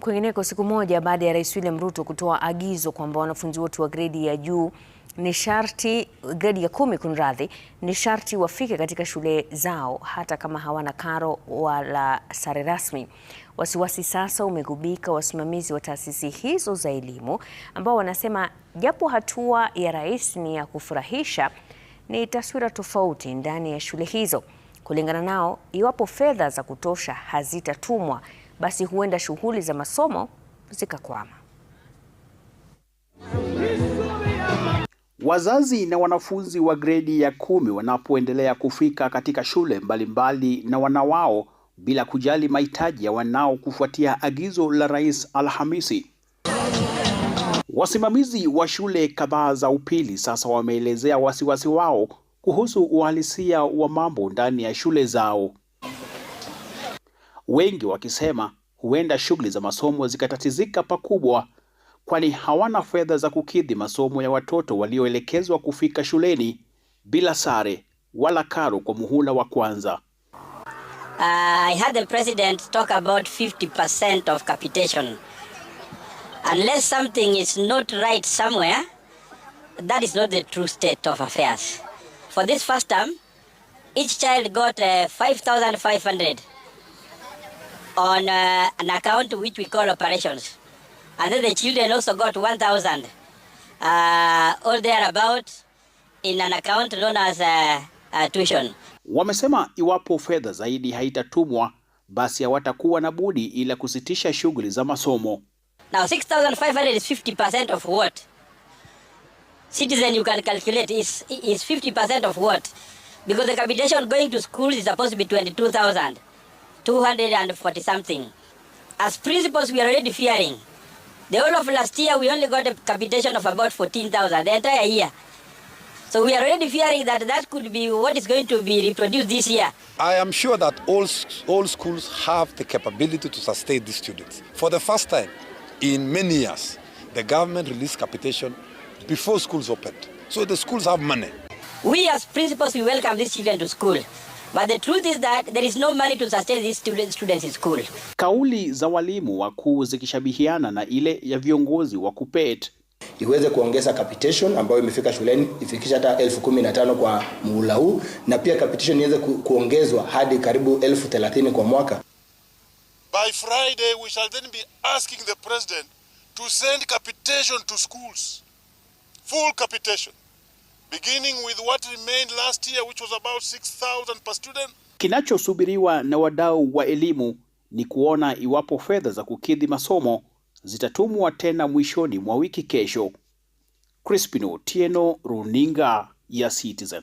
Kwingineko, siku moja baada ya Rais William Ruto kutoa agizo kwamba wanafunzi wote wa gredi ya juu ni sharti, gredi ya kumi kunradhi, ni sharti wafike katika shule zao hata kama hawana karo wala sare rasmi. Wasiwasi sasa umegubika wasimamizi wa taasisi hizo za elimu ambao wanasema japo hatua ya rais ni ya kufurahisha, ni taswira tofauti ndani ya shule hizo. Kulingana nao, iwapo fedha za kutosha hazitatumwa basi huenda shughuli za masomo zikakwama. Wazazi na wanafunzi wa gredi ya kumi wanapoendelea kufika katika shule mbalimbali mbali na wana wao bila kujali mahitaji ya wanao kufuatia agizo la Rais Alhamisi. Wasimamizi wa shule kadhaa za upili sasa wameelezea wasiwasi wao kuhusu uhalisia wa mambo ndani ya shule zao wengi wakisema huenda shughuli za masomo zikatatizika pakubwa, kwani hawana fedha za kukidhi masomo ya watoto walioelekezwa kufika shuleni bila sare wala karo kwa muhula wa kwanza. I heard the president talk about 50% of capitation. Unless something is not right somewhere, that is not the true state of affairs. For this first term, each child got uh, 5,500 on uh, an account which we call operations. And then the children also got 1,000 uh, all there about in an account known as uh, uh, tuition. Wamesema iwapo fedha zaidi haitatumwa basi hawatakuwa na budi ila kusitisha shughuli za masomo. Now 6,550% of what? Citizen you can calculate is is 50% of what? Because the capitation going to schools is supposed to be 22,000. 240 something. As principals, we are already fearing. The whole of last year, we only got a capitation of about 14,000, the entire year. So we are already fearing that that could be what is going to be reproduced this year. I am sure that all, all schools have the capability to sustain these students. For the first time in many years, the government released capitation before schools opened. So the schools have money. We as principals, we welcome these children to school. But the truth is that there is no money to sustain these students, students in school. Kauli za walimu wakuu zikishabihiana na ile ya viongozi wa KUPPET iweze kuongeza capitation ambayo imefika shuleni ifikisha hata elfu kumi na tano kwa muhula huu na pia capitation iweze ku, kuongezwa hadi karibu elfu thelathini kwa mwaka. By Friday we shall then be asking the president to send capitation to schools. Full capitation beginning with what remained last year which was about 6000 per student. Kinachosubiriwa na wadau wa elimu ni kuona iwapo fedha za kukidhi masomo zitatumwa tena mwishoni mwa wiki kesho. Crispino Tieno, Runinga ya Citizen.